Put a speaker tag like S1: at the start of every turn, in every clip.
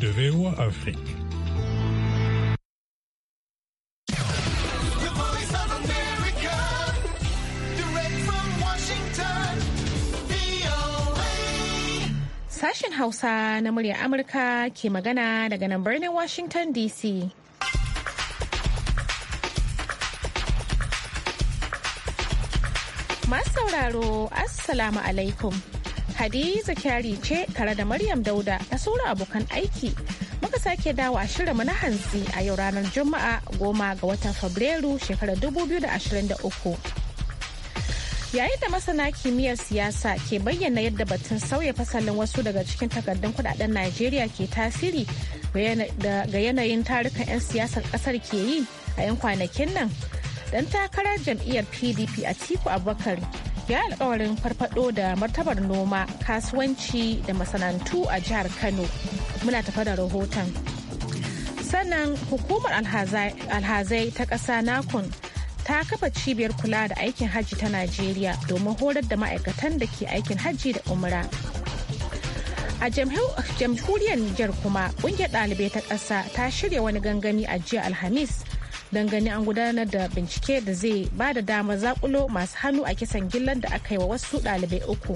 S1: de VOA Afrique.
S2: Sashen Hausa na muryar Amurka ke magana daga nan birnin Washington DC. Masu sauraro, Assalamu alaikum. Hadiza Kyari ce tare da Maryam Dauda da sauran abokan aiki. Muka sake dawo a shirin na hantsi a yau ranar Juma'a goma ga watan Fabrairu shekarar 2023. Yayin da masana kimiyyar siyasa ke bayyana yadda batun sauya fasalin wasu daga cikin takardun kudaden Najeriya ke tasiri ga yanayin tarukan 'yan siyasar kasar ke yi a 'yan kwanakin nan. Dan takarar jam'iyyar PDP a Tiku Abubakar ya alkawarin farfado da martabar noma kasuwanci da masana'antu a jihar kano muna tafa da rahoton sannan hukumar alhazai ta ƙasa nakon ta kafa cibiyar kula da aikin hajji ta najeriya domin horar da ma'aikatan da ke aikin hajji da umra a jamhuriyar niger kuma ƙungiyar ɗalibai ta ƙasa ta shirya wani gangami a jiya alhamis don gani an gudanar da bincike da zai ba da damar zakulo masu hannu a kisan gillan da aka yi wa wasu dalibai uku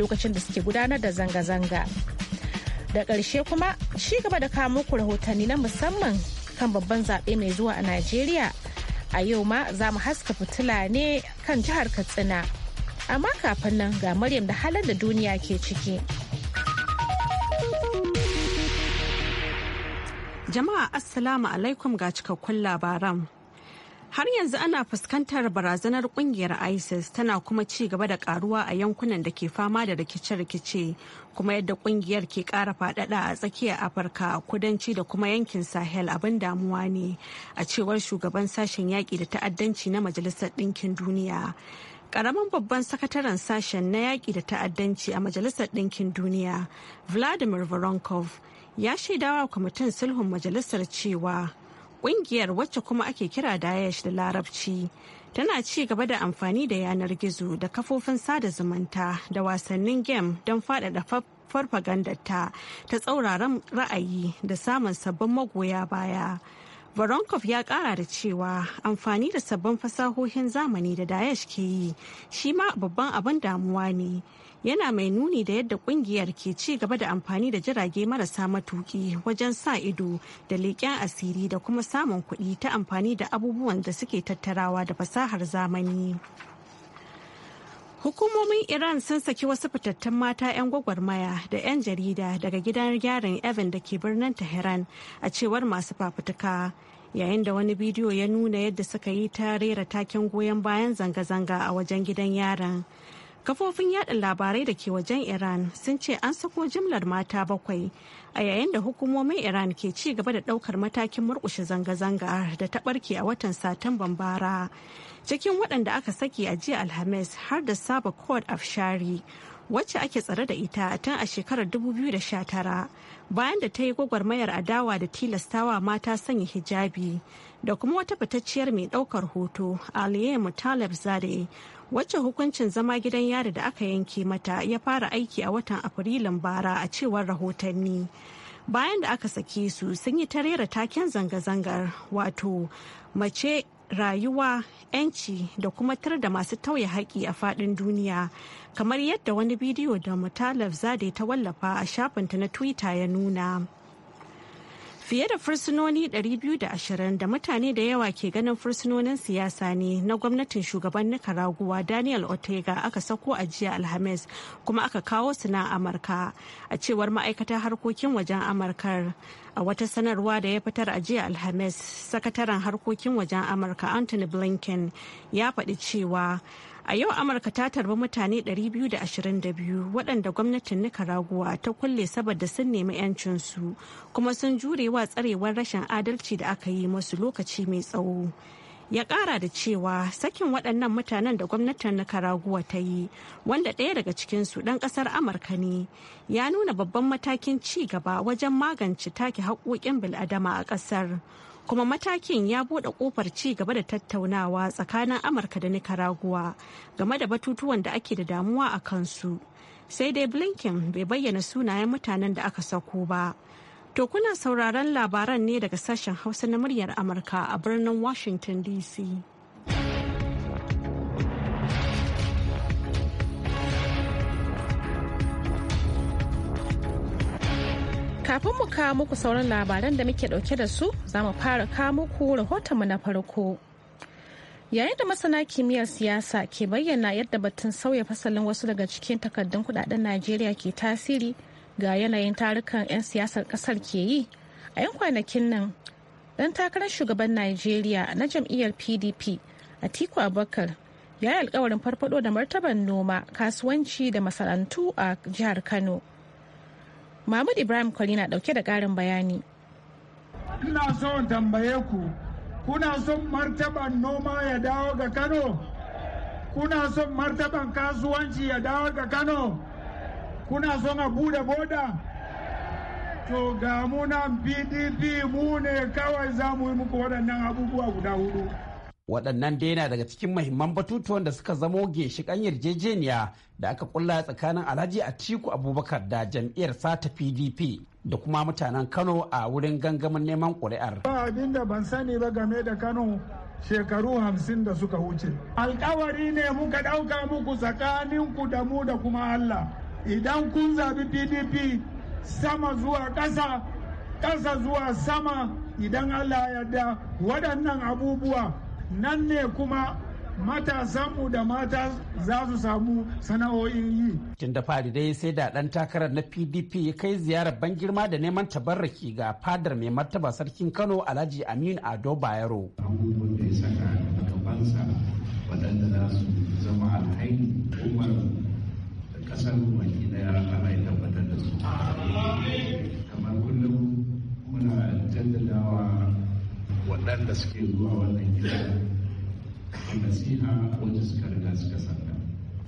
S2: lokacin da suke gudanar da zanga-zanga da ƙarshe kuma shi gaba da kawo muku rahotanni na musamman kan babban zaɓe mai zuwa a najeriya a yau ma za mu haska fitila ne kan jihar katsina amma kafin nan ga maryam
S3: da halin da duniya ke ciki. Jama'a Assalamu alaikum ga cikakkun labaran. Har yanzu ana fuskantar barazanar kungiyar ISIS tana kuma ci gaba da karuwa a yankunan da ke fama da rikice-rikice kuma yadda kungiyar ke kara fadada a tsakiyar Afirka kudanci da kuma yankin Sahel abin damuwa ne a cewar shugaban sashen yaƙi da ta'addanci na Majalisar Ɗinkin Duniya. Karamin babban sakataren sashen na yaƙi da ta'addanci a Majalisar Ɗinkin Duniya, Vladimir Voronkov, ya shaidawa kwamitin sulhun majalisar cewa kungiyar wacce kuma ake kira daesh da larabci tana ci gaba da amfani da yanar gizo da kafofin sada zumunta da wasannin game don faɗaɗa farfagandarta ta tsauraran ra'ayi da samun sabbin magoya baya Voronkov ya kara da cewa amfani da sabbin fasahohin zamani da Daesh ke yi shi ma babban abin damuwa ne yana mai nuni da yadda kungiyar ke ci gaba da amfani da jirage marasa matuki wajen sa ido da leƙen asiri da kuma samun kuɗi ta amfani da abubuwan da suke tattarawa da fasahar zamani. Hukumomin Iran sun saki wasu fitattun mata 'yan gwagwarmaya da 'yan jarida daga gidan gyaran Evan da ke birnin Tehran a cewar masu fafutuka. Yayin da wani bidiyo ya nuna yadda suka yi ta rera taken goyon bayan zanga-zanga a wajen gidan yaran. kafofin yaɗa labarai da ke wajen iran sun ce an sako jimlar mata bakwai a yayin da hukumomin iran ke ci gaba da ɗaukar matakin murkushe zanga-zanga da ta barke a watan satumban bara cikin waɗanda aka saki a jiya alhamis har da saba of Shari, wacce ake tsare da ita tun a shekarar 2019 bayan da ta yi gwagwarmayar adawa da tilastawa mata sanya hijabi da kuma wata fitacciyar mai daukar hoto aliyu talab zade wacce hukuncin zama gidan yari da aka yanke mata ya fara aiki a watan afrilun bara a cewar rahotanni bayan da aka sake su sun yi ta rera taken zanga-zangar wato mace rayuwa 'yanci da kuma tar da masu tauye haƙi a faɗin duniya kamar yadda wani bidiyo da mutalaf zade ta wallafa a shafinta na twitter ya nuna Fiye da fursunoni 220 da mutane da yawa ke ganin fursunonin siyasa ne na gwamnatin shugaban Nicaragua Daniel Ortega aka sako a jiya Alhamis kuma aka kawo su na Amurka a cewar ma'aikatar harkokin wajen Amurkar. a wata sanarwa da ya fitar a jiya alhamis sakataren harkokin wajen amurka anthony blinken ya faɗi cewa A yau Amurka ta tarbi mutane 222 waɗanda gwamnatin Nicaragua ta kulle saboda sun nemi 'yancinsu kuma sun jure wa tsarewar rashin adalci da aka yi masu lokaci mai tsawo. ya ƙara da cewa sakin waɗannan mutanen da gwamnatin nicaragua ta yi wanda ɗaya daga cikinsu ɗan ƙasar amurka ne ya nuna babban matakin ci gaba wajen magance take haƙoƙin bil'adama a ƙasar kuma matakin ya buɗe kofar ci gaba da tattaunawa tsakanin amurka da nicaragua game da batutuwan da ake da damuwa a kansu sai dai blinken bai bayyana sunayen mutanen da aka sako ba to kuna sauraron labaran ne daga sashen hausa na muryar amurka a birnin washington dc
S2: Kafin mu kawo muku sauran labaran da muke dauke da su, za mu fara kawo muku rahotonmu na farko. Yayin da masana kimiyyar siyasa ke bayyana yadda batun sauya fasalin wasu daga cikin takardun kudaden Najeriya ke tasiri ga yanayin tarukan 'yan siyasar kasar ke yi, a 'yan kwanakin nan dan takarar shugaban Najeriya na jam'iyyar PDP Atiku Abubakar ya yi alkawarin farfado da martaban noma, kasuwanci da masarantu a jihar Kano. Mahmud Ibrahim Kwali na dauke da karin bayani.
S4: Ina so tambaye ku, kuna son martaban noma ya dawo ga Kano? Kuna son martaban kasuwanci ya dawo ga Kano? Kuna son a bude boda? To ga munan PDP mu ne kawai za mu yi muku waɗannan abubuwa guda hudu.
S5: waɗannan dai na daga cikin mahimman batutuwan da suka zamo ginshiƙan yarjejeniya da aka kulla tsakanin alhaji atiku abubakar da jam'iyyar sata pdp da kuma mutanen kano a wurin gangamin neman ƙuri'ar.
S4: ba abin da ban sani ba game da kano shekaru hamsin da suka wuce alkawari ne muka ɗauka muku tsakaninku da mu da kuma allah idan kun zaɓi pdp sama zuwa ƙasa ƙasa zuwa sama idan allah ya yarda waɗannan abubuwa nan ne kuma matasanmu da mata za su samu sana'o'in yi.
S5: Tun da fari dai sai da ɗan takarar na PDP ya kai ziyarar ban girma da neman tabarraki ga fadar mai martaba sarkin Kano Alhaji Amin Ado Bayero. Abubuwan da ya saka
S4: a waɗanda za su zama alhaini umar da
S5: ƙasar baki ɗaya ya tabbatar da su. Kamar kullum muna jaddadawa waɗanda suke zuwa wannan gida nasiha suka riga suka sanda.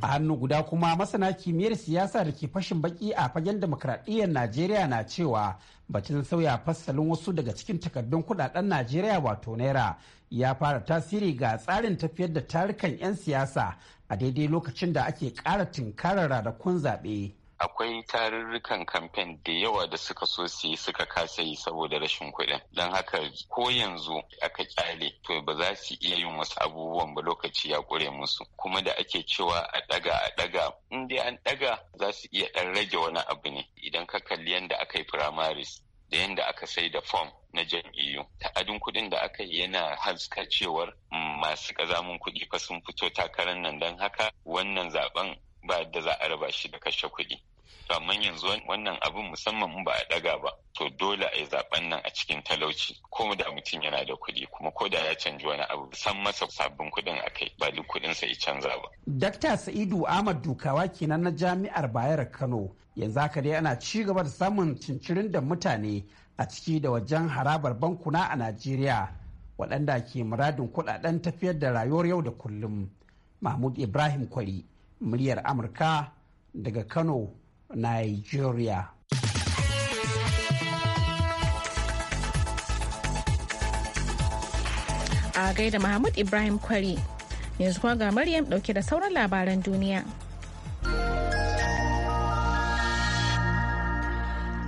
S5: a hannu guda kuma masana kimiyyar siyasa da ke fashin baki a fagen demokradiyyar najeriya na cewa batun sauya fasalin wasu daga cikin takardun kudaden najeriya wato naira ya fara tasiri ga tsarin tafiyar da tarukan 'yan siyasa a daidai lokacin da ake ƙara tunkarar kun zaɓe.
S6: akwai tarurrukan kamfen da yawa da suka so su yi suka kasa yi saboda rashin kuɗin don haka ko yanzu aka kyale to ba za su iya yin wasu abubuwan ba lokaci ya ƙure musu kuma da ake cewa a ɗaga a ɗaga in dai an ɗaga za su iya ɗan rage wani abu ne idan ka kalli yadda aka yi primaries da yadda aka sai da fom na jam'iyyu ta'adin kuɗin da aka yi yana haska cewar mm, masu ƙazamin kuɗi fa sun fito takarar nan don haka wannan zaben ba yadda za a raba shi da kashe kuɗi to amma yanzu wannan abin musamman ba a ɗaga ba to dole a yi zaben nan a cikin talauci ko da mutum yana da kuɗi kuma ko da ya canji wani abu san masa sabbin kuɗin a kai ba duk kuɗin sa ya canza ba.
S5: Dakta Sa'idu Ahmad Dukawa kenan na Jami'ar Bayar Kano yanzu haka dai ana ci gaba da samun cincirin da mutane a ciki da wajen harabar bankuna a Najeriya waɗanda ke muradin kuɗaɗen tafiyar da rayuwar yau da kullum. Mahmud Ibrahim Kwari muryar amurka daga kano nigeria
S2: a gaida mahmud ibrahim kwari yanzu kuma ga maryam dauke da sauran labaran duniya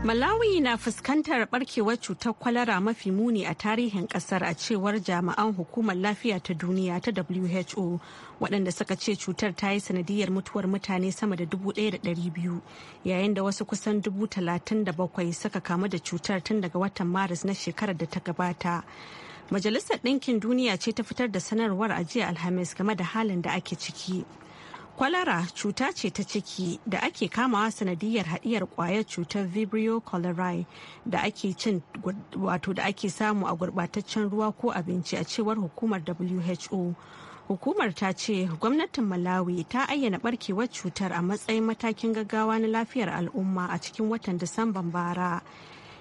S3: Malawi na fuskantar barkewar cutar kwalara mafi muni a tarihin kasar a cewar jami'an hukumar lafiya ta duniya ta WHO waɗanda suka ce cutar ta yi sanadiyar mutuwar mutane sama da 1,200 yayin da wasu kusan 37,000 suka kamu da cutar tun daga watan Maris na shekarar da ta gabata. Majalisar Ɗinkin Duniya ce ta fitar da sanarwar a jiya Alhamis game da halin da ake ciki. kwalara cuta ce ta ciki da ake kamawa sanadiyar haɗiyar kwayar cutar vibrio cholerae da ake cin wato da ake samu a gurɓataccen ruwa ko abinci a cewar hukumar who hukumar ta ce gwamnatin malawi ta ayyana barkewar cutar a matsayin matakin gaggawa na lafiyar al'umma a cikin watan disamban bara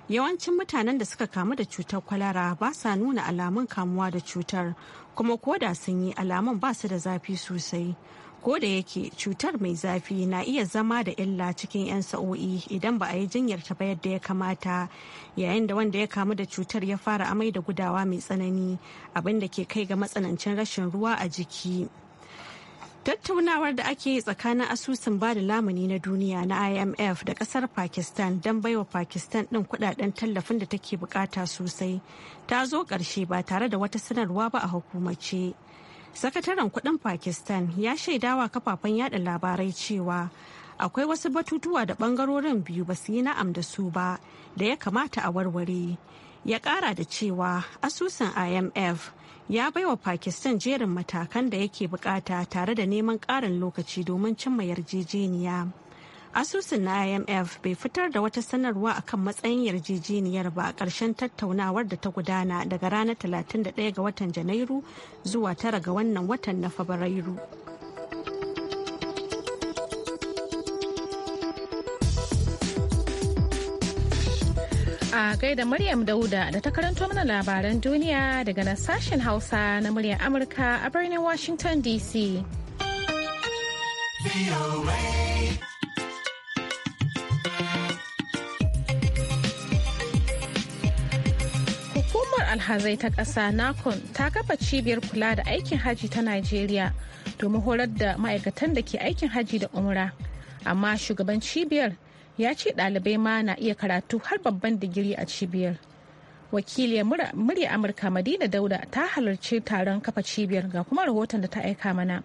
S3: yawancin mutanen da suka kamu da cutar kwalara ba sa nuna alamun kamuwa da cutar kuma ko da sun yi alamun ba su da zafi sosai ko da yake cutar mai zafi na iya zama da illa cikin 'yan sa'o'i idan ba a yi jinyar ta ba yadda ya kamata yayin da wanda ya kamu da cutar ya fara amai da gudawa mai tsanani abinda ke kai ga matsanancin rashin ruwa a jiki tattaunawar da ake yi tsakanin asusun Bada da lamuni na duniya na imf da kasar pakistan don baiwa pakistan din kudaden tallafin da take bukata sosai ta zo karshe ba tare da wata sanarwa ba a hukumace sakataren kudin pakistan ya shaidawa kafafen yada labarai cewa akwai wasu batutuwa da bangarorin biyu ba su yi na'am da su ba da ya kamata a warware ya kara da cewa asusun imf ya baiwa pakistan jerin matakan da yake bukata tare da neman karin lokaci domin cimma yarjejeniya asusun na imf bai fitar da wata sanarwa akan matsayin yarjejeniyar ba a karshen tattaunawar da ta gudana daga ranar 31 ga watan janairu zuwa tara ga wannan watan na fabrairu
S2: a gaida maryam dauda da ta karanto mana labaran duniya daga na sashen hausa na muryar amurka a birnin washington dc alhazai ta ƙasa nakon ta kafa cibiyar kula da aikin haji ta najeriya domin horar da ma'aikatan da ke aikin haji da umra amma shugaban cibiyar ya ce ɗalibai ma na iya karatu har babban digiri a cibiyar wakiliyar murya amurka madina dauda ta halarci taron kafa cibiyar ga kuma rahoton da ta aika mana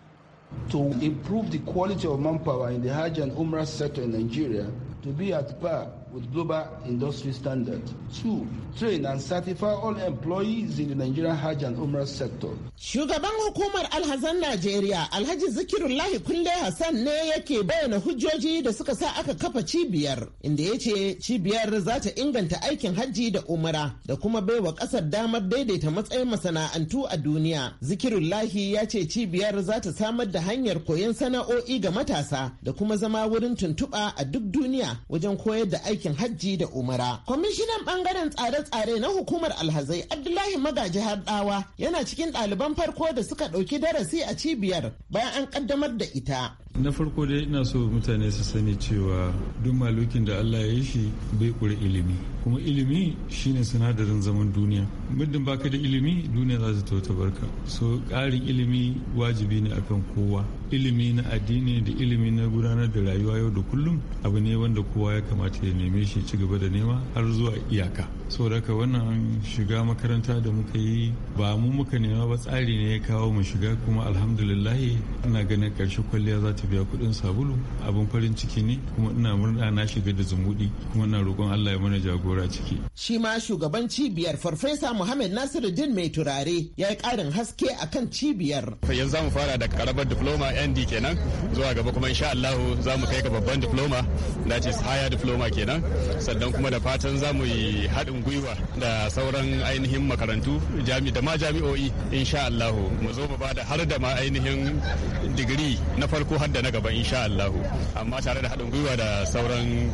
S4: to improve the quality of manpower in the hajj and umrah sector in nigeria to be at par with global industry standard. Two, train and certify all employees in the Nigerian Hajj and Umrah sector. Shugaban
S7: hukumar alhazan Najeriya Alhaji Zikirullahi Kulle Hassan ne yake bayyana hujjoji da suka sa aka kafa cibiyar inda ya ce cibiyar za ta inganta aikin hajji da umara da kuma baiwa kasar damar daidaita matsayin masana'antu a duniya. Zikirullahi ya ce cibiyar za ta samar da hanyar koyon sana'o'i ga matasa da kuma zama wurin tuntuɓa a duk duniya wajen koyar da aikin aikin hajji da umara. Kwamishinan bangaren tsare-tsare na hukumar alhazai Abdullahi Magaji Hardawa yana cikin ɗaliban farko da suka ɗauki darasi a cibiyar bayan an ƙaddamar
S6: da ita. na farko dai ina so mutane su sani cewa duk malukin da allah ya yi shi bai kuri ilimi kuma ilimi shine sinadarin zaman duniya muddin baka da ilimi duniya za ta ta barka so ƙarin ilimi wajibi ne akan kowa ilimi na addini da ilimi na gudanar da rayuwa yau da kullum abu ne wanda kowa ya kamata ya neme shi ci gaba da nema har zuwa iyaka saboda haka wannan shiga makaranta da muka yi ba mu muka nema ba tsari ne ya kawo mu shiga kuma alhamdulillahi ina ganin karshe kwalliya za ta biya kuɗin sabulu abin farin ciki ne kuma ina murna na shiga da zumudi kuma ina roƙon Allah ya mana jagora ciki.
S7: Shi ma shugaban cibiyar Farfesa Muhammad Nasiruddin mai turare ya yi ƙarin haske akan cibiyar.
S4: Yanzu za mu fara da karabar diploma ND kenan zuwa gaba kuma insha Allah za mu kai ga babban diploma that is higher diploma kenan sannan kuma da fatan za mu yi haɗin haɗin gwiwa da sauran ainihin makarantu da ma jami'o'i insha Allahu mu zo mu ba da har da ma ainihin digiri na farko har da na gaba insha Allahu amma tare da haɗin gwiwa da sauran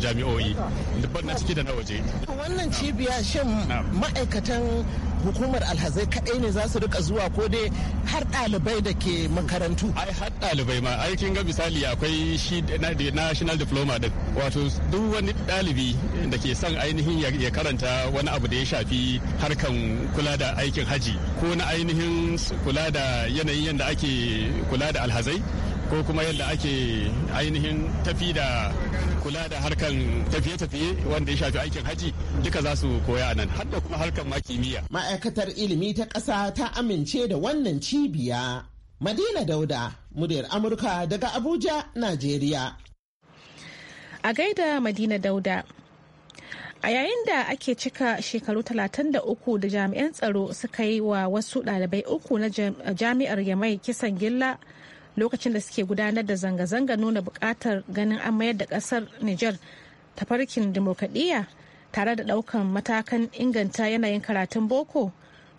S4: jami'o'i dubban na ciki da na waje
S7: wannan cibiya shin ma'aikatan hukumar alhazai kadai ne za su rika zuwa ko dai har ɗalibai da ke makarantu ai har
S4: ɗalibai ma ai kin ga misali akwai shi national diploma din wato duk wani ɗalibi da ke son ainihin ya karanta wani abu da ya shafi harkan kula da aikin haji ko na ainihin kula da yanayin yadda ake kula da alhazai ko kuma yadda ake ainihin tafi da kula da harkan tafiye-tafiye wanda ya shafi aikin haji duka za su koya nan har da kuma harkan ma kimiyya.
S7: Ma'aikatar ilimi ta ƙasa ta amince da wannan cibiya. Madina Dauda, muryar Amurka daga Abuja, Najeriya.
S2: A gaida Madina Dauda. A yayin da ake cika shekaru 33 da jami'an tsaro suka yi wa wasu ɗalibai uku na jami'ar Yamai kisan gilla lokacin da suke gudanar da zanga-zanga nuna buƙatar ganin an mayar da ƙasar Nijar farkin demokadiyya tare da ɗaukan matakan inganta yanayin karatun boko.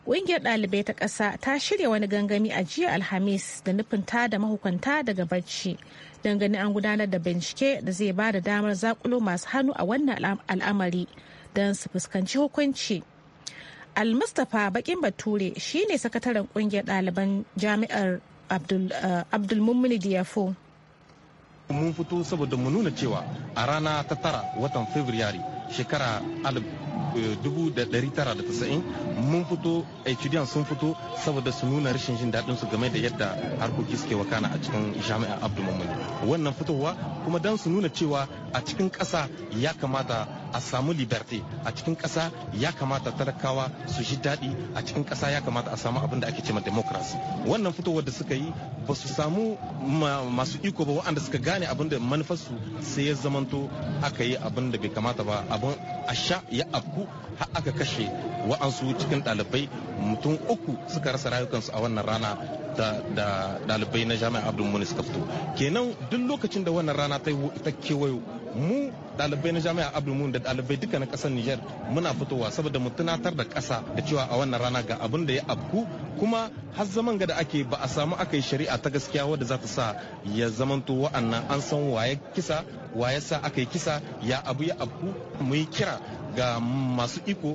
S2: Ƙungiyar ɗalibai ta ƙasa ta shirya wani gangami a jiya Alhamis da nufin ta da mahukunta daga barci don ganin an gudanar da bincike da zai ba da damar zakulo masu hannu a wannan al'amari don su fuskanci hukunci. al mustapha baƙin Bature shine sakataren ƙungiyar ɗaliban jami'ar abdulmummini uh, diyafo
S6: mun fito saboda mu nuna cewa a rana ta tara watan fabrairu shekara 1990 eh, mun fito etudiyan sun fito saboda su nuna rashin jin daɗin su game da yadda harkoki suke wakana a cikin jami'a abdu wanan wannan fitowa kuma don su nuna cewa a cikin ƙasa ya kamata a samu liberté a cikin ƙasa ya kamata talakawa su ji daɗi a cikin ƙasa ya kamata a samu abin da ake cema democracy wannan fitowar da suka yi ba su samu masu iko ba waɗanda suka gane abin da manufarsu sai ya zamanto aka yi abin da bai kamata ba abin sha ya afku har aka kashe wa'ansu cikin ɗalibai mutum uku suka rasa rayukansu a wannan rana da ɗalibai na jami'a abdul munis kafto kenan duk lokacin da wannan rana ta kewayo mu dalibai na jami'a abdulmun da dalibai duka na kasar niger muna fitowa saboda mu tunatar da kasa da cewa a wannan rana ga abin da ya abku kuma har zaman ga da ake ba a samu aka yi shari'a ta gaskiya wadda za ta sa ya zamanto wa'annan an san waye kisa waye sa aka yi kisa ya abu ya abku mu yi kira ga masu iko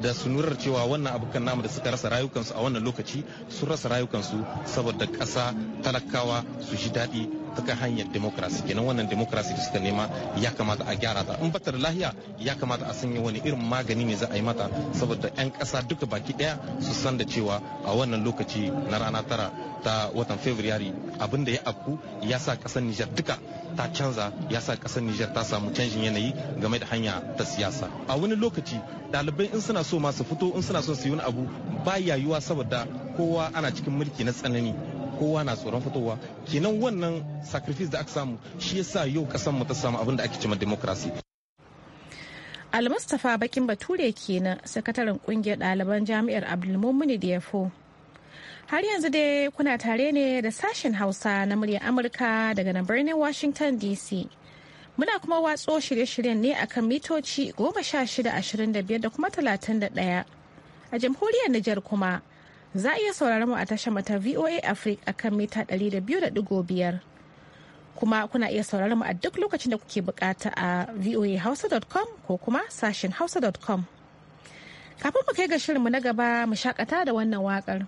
S6: da su nurar cewa wannan abokan namu da suka rasa rayukansu a wannan lokaci sun rasa rayukansu saboda kasa talakawa su ji daɗi ta hanyar demokrasi kenan wannan demokrasi da suka nema ya kamata a gyara ta in batar lahiya ya kamata a sanya wani irin magani ne za a yi mata saboda 'yan kasa duka baki ɗaya su san da cewa a wannan lokaci na rana tara ta watan fabrairu abin da ya afku ya sa ƙasar nijar duka ta canza ya sa ƙasar nijar ta samu canjin yanayi game da hanya ta siyasa a wani lokaci dalibai in suna so masu fito in suna so su yi wani abu ba yayuwa saboda kowa ana cikin mulki na tsanani kowa na tsoron fitowa kenan wannan sacrifice da aka samu shi yasa yau kasan mu ta samu abin da ake cewa democracy
S2: almustafa bakin bature kenan sakataren kungiyar ɗaliban jami'ar abdulmumini diyafo har yanzu dai kuna tare ne da sashen hausa na muryar amurka daga nan birnin washington dc muna kuma watso shirye-shiryen ne akan mitoci 1625 da kuma 31 a jamhuriyar nijar kuma Za a iya sauraron mu a tashar mata VOA Africa akan mita 200.5. Kuma kuna iya sauraron mu a duk lokacin da kuke bukata a voahausa.com ko kuma sashen hausa.com. Kafin mu kai ga shirin mu na gaba mu shakata da wannan waƙar.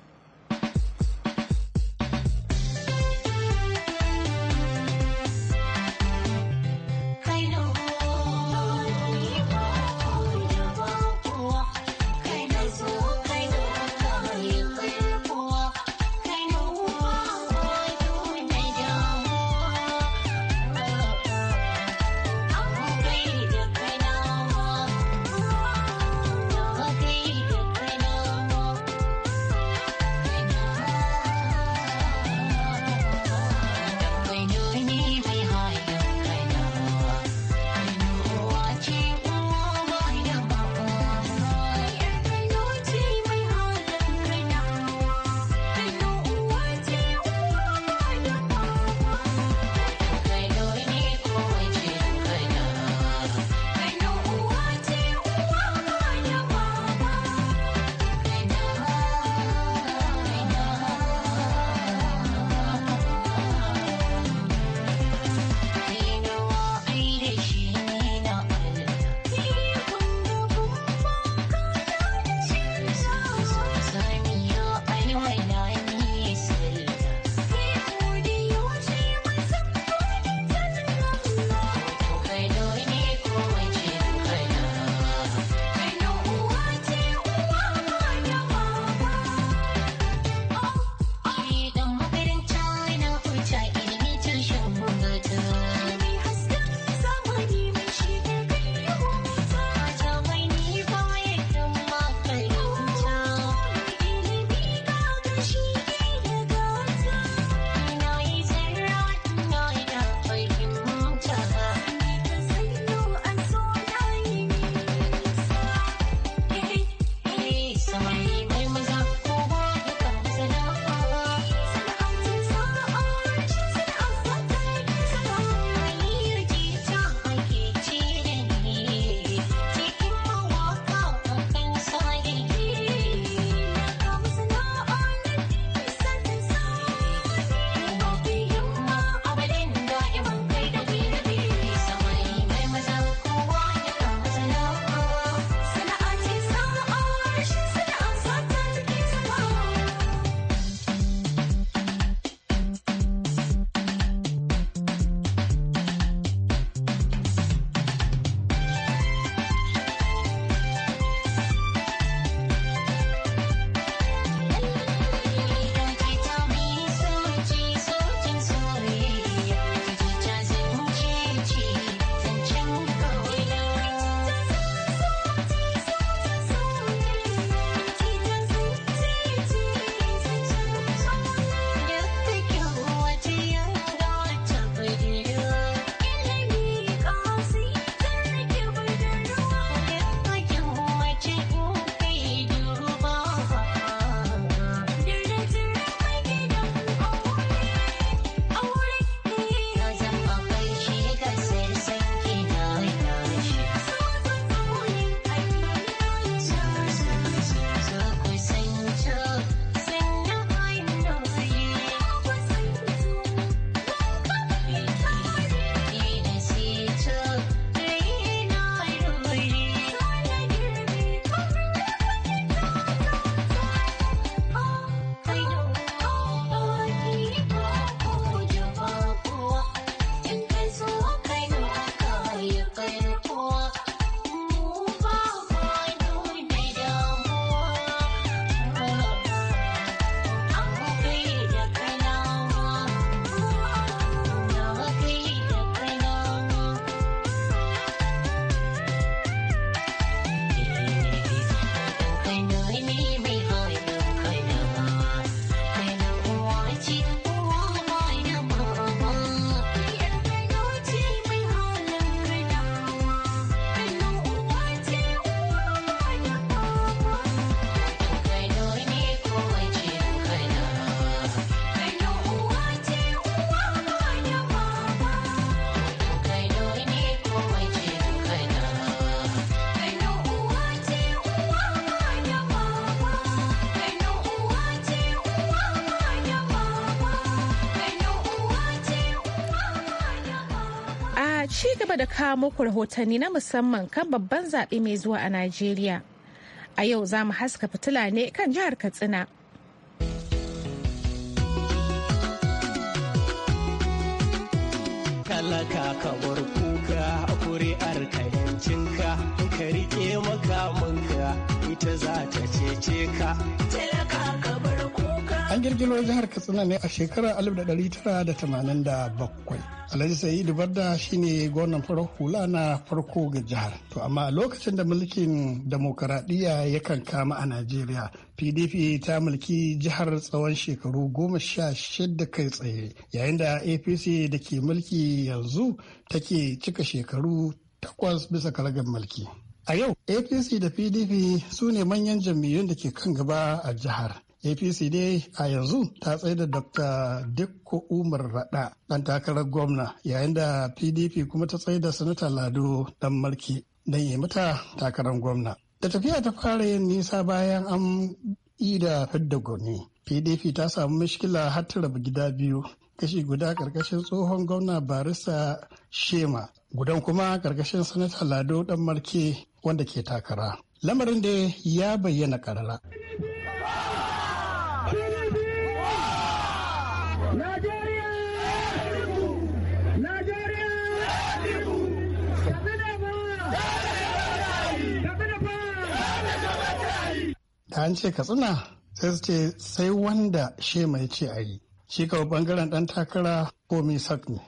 S2: ci gaba da kawo muku rahotanni na musamman kan babban zaɓe mai zuwa a Najeriya. A yau za mu haska fitila ne kan jihar Katsina.
S5: Talaka kamar kuka kuri'ar ka riƙe makamanka ita za ta cece ka.
S4: girgiro jihar katsina ne a shekarar 1987 alhaji sa'idu barda shine gwamnan farar hula na farko ga jihar to amma a lokacin da mulkin demokaradiyya ya kan kama a najeriya pdp ta mulki jihar tsawon shekaru goma sha shida kai tsaye yayin da apc da ke mulki yanzu take cika shekaru takwas bisa karagar mulki a yau apc da pdp su ne manyan jam'iyyun da ke kan gaba a jihar apc ne a yanzu ta da dr dikko umar rada ɗan takarar gwamna yayin da pdp kuma ta da sanata lado dan marki don yi mata takarar gwamna da tafiya ta fara yin nisa bayan an yi da fidda gwani pdp ta samu mashkila har ta rabu gida biyu kashi guda karkashin tsohon gwamna barista shema gudan kuma karkashin sanata lado ɗan marke wanda ke takara lamarin da ya bayyana karara da an ce katsina sai su ce sai wanda she mai ce a yi shi kawo bangaren dan takara ko sak ne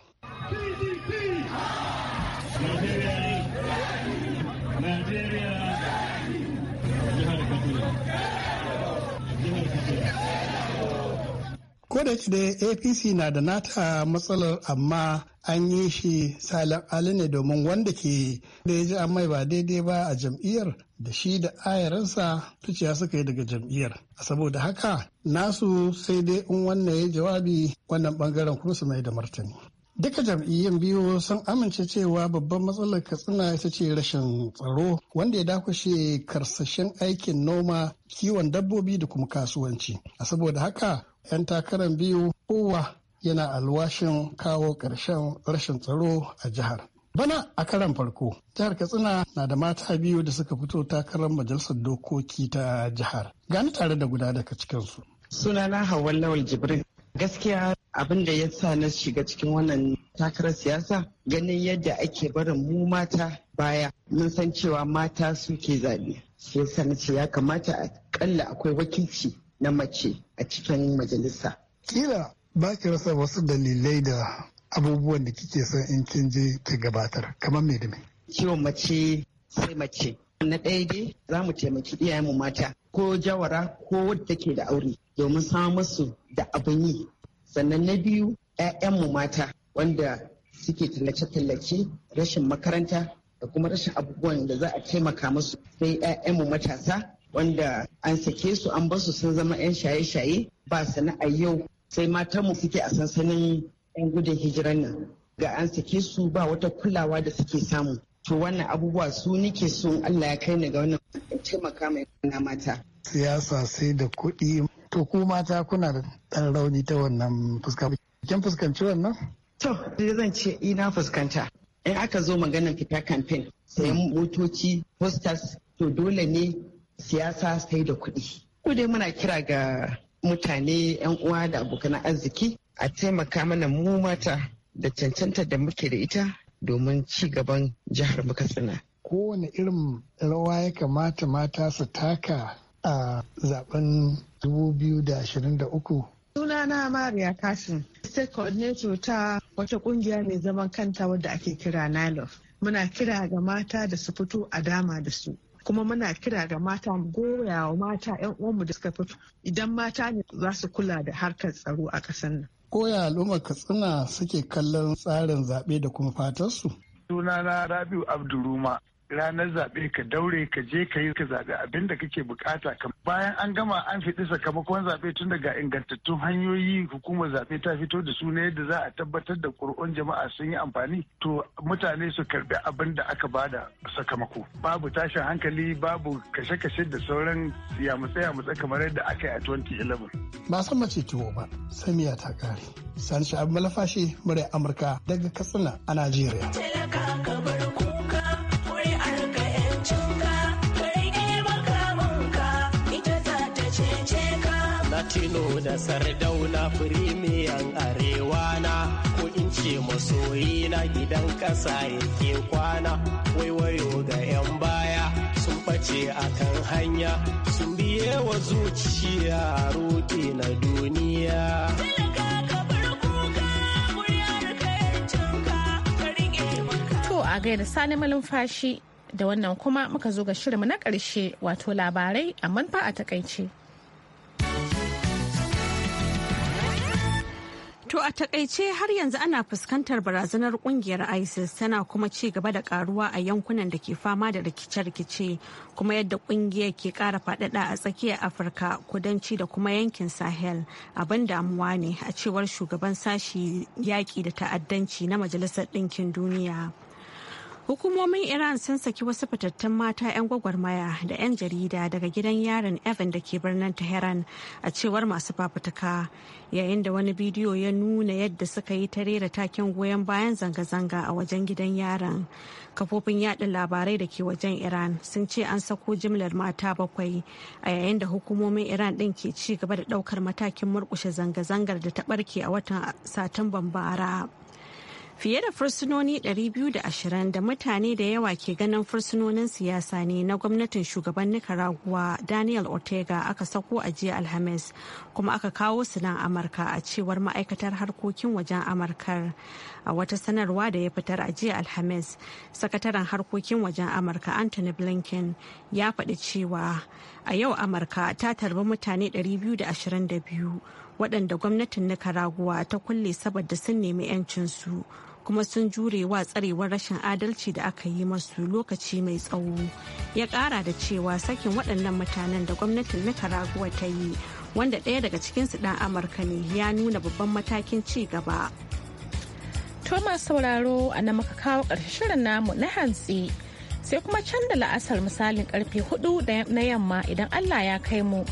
S4: ko da dai apc na da nata matsalar amma an yi shi salin ali ne domin wanda ke da ya ji an mai ba daidai ba a jam'iyyar da shi da ayaransa tuciya suka yi daga jam'iyyar saboda haka nasu sai dai in wannan ya jawabi wannan bangaren kuma su mai da martani duka jam'iyyun biyu sun amince cewa babban matsalar katsina ita ce rashin tsaro wanda ya dakushe karsashen aikin noma kiwon dabbobi da kuma kasuwanci a saboda haka 'yan takarar biyu kowa yana alwashin kawo ƙarshen rashin tsaro a jihar. Bana a karan farko, jihar Katsina na da mata biyu da suka fito takarar majalisar dokoki ta jihar. Gani tare da guda daga cikinsu.
S8: Sunana Hawwan Lawal Jibrin. Gaskiya abin da ya sa na shiga cikin wannan takarar siyasa ganin yadda ake barin mu mata baya mun san cewa mata suke zaɓe. Shi na ce ya kamata a akwai wakilci na mace a cikin majalisa.
S4: Kila ba ki rasa wasu dalilai da abubuwan da kike son in kin je gabatar kamar me da me
S8: ciwon mace sai mace na ɗaya dai za mu taimaki mu mata ko jawara ko wadda take da aure domin samun musu da abin yi sannan na biyu mu mata wanda suke tallace-tallace rashin makaranta da kuma rashin abubuwan da za a taimaka musu sai mu matasa wanda an sake su an basu sun zama 'yan shaye-shaye ba sana'a yau sai matanmu suke a sansanin 'yan gudun hijiran nan ga an sake su ba wata kulawa da suke samu to wannan abubuwa su nike so Allah ya kai ni ga wannan taimaka mai na mata
S4: siyasa sai da kuɗi to ku mata kuna da ɗan rauni ta wannan fuska kin fuskanci wannan to da zan ce ina fuskanta
S8: in aka zo maganar fita kamfen sai hmm. motoci posters to dole ne siyasa sai da kuɗi ku dai muna kira ga mutane 'yan uwa da abokan arziki a taimaka mana mu mata da cancanta da muke da ita domin ci gaban jihar Katsina.
S4: Kowane irin rawa ya kamata mata su taka a zaben 2023? Sunana
S8: Mariya Kasim, state coordinator ta wata kungiya mai zaman kanta wadda ake kira NILOF. Muna kira ga mata da su fito a dama da su. kuma muna kira ga mata mu goya wa mata 'yan uwanmu da suka fito idan mata ne za su kula da harkar tsaro
S4: a ƙasar nan. Koya al'ummar Katsina suke kallon tsarin zaɓe da kuma fatarsu? na Rabiu Abduruma ranar zaɓe ka daure ka je ka yi ka zaɓe abin da kake bukata ka bayan an gama an fiɗi sakamakon zaɓe tun daga ingantattun hanyoyi hukumar zaɓe ta fito da su ne yadda za a tabbatar da ƙuri'un jama'a sun yi amfani to mutane su karɓi abin da aka ba da sakamako babu tashin hankali babu kashe-kashe da sauran yamutse-yamutse kamar yadda aka yi a 2011. ba san mace tuwo ba samiya ta kare sani abu malafashi murai amurka daga katsina a najeriya.
S5: Kano da Sardauna firimiyan arewa na ko in ce masoyi na gidan ƙasa yake kwana waiwayo ga 'yan baya sun ɓace a kan hanya sun biye wa zuciya roƙi na duniya.
S2: a gaida sani malumfashi da wannan kuma muka zo ga shirinmu na ƙarshe wato
S3: labarai a manfa a takaice. To a takaice har yanzu ana fuskantar barazanar kungiyar ISIS tana kuma ci gaba da karuwa a yankunan da ke fama da rikice-rikice kuma yadda kungiyar ke kara fadada a tsakiyar Afirka kudanci da kuma yankin Sahel abin damuwa ne a cewar shugaban sashi yaƙi da ta'addanci na Majalisar Ɗinkin Duniya. Hukumomin Iran sun saki wasu fitattun mata 'yan gwagwarmaya da 'yan jarida daga gidan yarin Evan da ke birnin Tehran a cewar masu fafutuka yayin da wani bidiyo ya nuna yadda suka yi tare da takin goyon bayan zanga-zanga a wajen gidan yaron. Kafofin yada labarai da ke wajen Iran sun ce an sako jimlar mata bakwai a yayin da hukumomin Iran ɗin ke ci gaba da ɗaukar matakin murƙushe zanga-zangar da ta ɓarke a watan Satumban bara. Fiye da fursunoni 220 da mutane da yawa ke ganin fursunonin siyasa ne na gwamnatin shugaban Nicaragua Daniel Ortega aka sako a jiya Alhamis kuma aka kawo su nan Amurka a cewar ma'aikatar harkokin wajen Amurkar. A wata sanarwa da ya fitar a jiya Alhamis, sakataren harkokin wajen Amurka Anthony Blinken ya faɗi cewa a yau Amurka ta tarbi mutane 222 waɗanda gwamnatin Nicaragua ta kulle saboda sun nemi 'yancinsu kuma sun jure wa tsarewar rashin adalci da aka yi masu lokaci mai tsawo ya kara da cewa sakin waɗannan mutanen da gwamnatin nicaragua ta yi wanda ɗaya daga cikinsu ɗan amurka ne ya nuna babban matakin ci gaba thomas sauraro a na muka kawo
S2: ƙarshen shirin namu na hantsi sai kuma can da la'asar misalin karfe hudu na yamma idan allah ya kai mu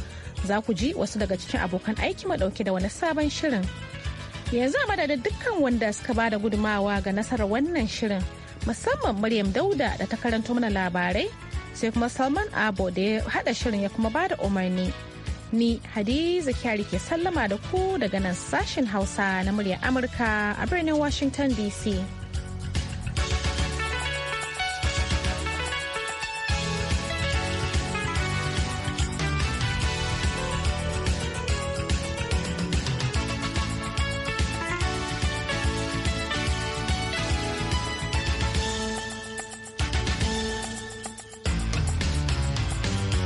S2: za ku ji wasu daga cikin abokan aiki dauke da wani sabon shirin. yanzu a madadin dukkan wanda suka ba da gudumawa ga nasarar wannan shirin musamman maryam dauda da ta karanto mana labarai sai kuma salman abo da ya hada shirin ya kuma ba da umarni ni hadiza kyari ke sallama da ku daga nan sashen hausa na murya amurka a birnin washington dc